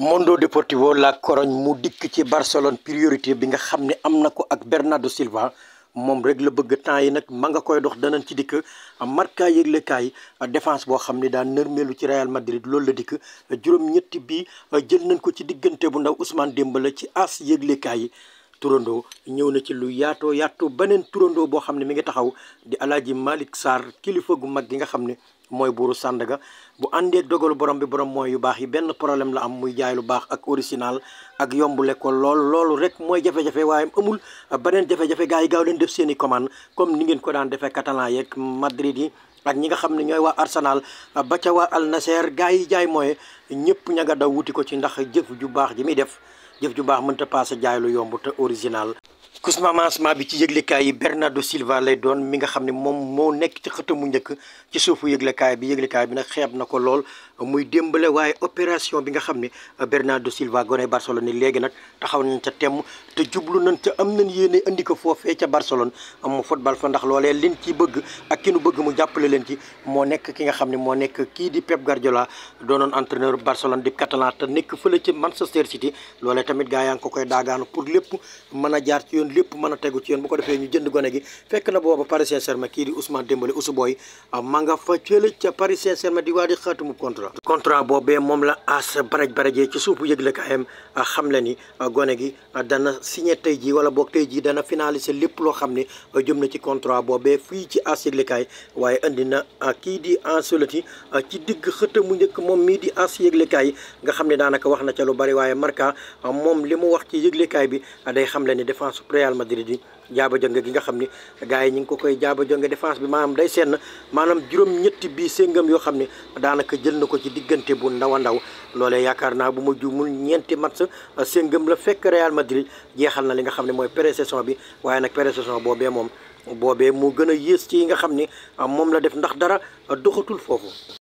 Mundo Deportivo la Corogne mu dikk ci Barcelone priorité bi nga xam ne am na ko ak Bernardo Silva moom rek la bëgg temps yi nag ma nga koy dox danañ ci dikk marka yëgle kaay défense boo xam ne daan nërmeelu ci Real Madrid loolu la dikk juróom-ñetti bi jël nañ ko ci diggante bu ndaw Ousmane Dembélé ci ass yëgle yi turandoo ñëw na ci lu yaato yaatoo beneen turandoo boo xam ne mi ngi taxaw di alaaji Malick saar kilifa gu mag gi nga xam ne mooy buuru Sandaga bu àndee dogalu borom bi borom mooy yu baax yi benn problème la am muy jaay lu baax ak original ak yomb lekkol lool loolu rek mooy jafe-jafe waaye amul beneen jafe-jafe gars yi gaaw leen def seen i commande comme ni ngeen daan defee Catalan yeeg Madrid yi ak ñi nga xam ne ñooy waa Arsenal ba ca waa Al gars yi jaay mooy ñëpp ña nga daw wuti ko ci ndax jëf ju baax ji muy def jëf ju baax mënta paase jaay lu yomb te original commencement bi ci yëglekaay yi Bernardo Silva lay doon mi nga xam ne moom moo nekk ci xëtamu njëkk ci suufu yëglekaay bi kaay bi nag xeeb na ko lool muy démbale waaye opération bi nga xam ne Bernardo Silva gone Barcelone ni léegi nag taxaw nañ ca temm te jublu nañ ca am nañ yéene andi ko foofee ca Barcelone am football fa ndax loolee liñ ci bëgg ak ki nu bëgg mu jàppale leen ci moo nekk ki nga xam ne moo nekk kii di Pep Guardiola doonoon entraîneur Barcelone di Catalan te nekk fële ci Manchester City loolee tamit gaa yaa ngi ko koy daagaanu pour lépp mën a yoon lépp man a tegu ci yoon bu ko defee ñu jënd gone gi fekk na booba Paris Saint-Germain kii di Ousmane Dembélé Ousou Boy ah, ma nga di waa di xaatumu contrat boobee moom la as baraj barajee ci suufu yëgle kaayam ah, xam le ni ah, gone gi dana signé tey jii wala boog tey jii dana finaliser lépp loo xam ne jëm na ci contrat boobee fii ci as yëgle kaay waaye andi na kii di Ancelotti ci digg xëta mu njëkk moom mii di as yëgle kaay nga xam ne daanaka wax na ca lu bari waaye Marca moom li mu ci yëgle kaay bi day xam le ni Real Madrid yi jaaba jonge gi nga xam ni gars yi ñu ngi ko koy jaaba jonge défense bi maanaam day seen maanaam juróom-ñetti bii séngam yoo xam ne daanaka jël na ko ci diggante bu ndaw ndaw loolee yaakaar naa bu ma juumul ñeenti match séngam la fekk Real Madrid jeexal na li nga xam ne mooy pré-saison bi waaye nag pré-saison boobee moom boobee moo gën a yées ci yi nga xam ni moom la def ndax dara doxatul foofu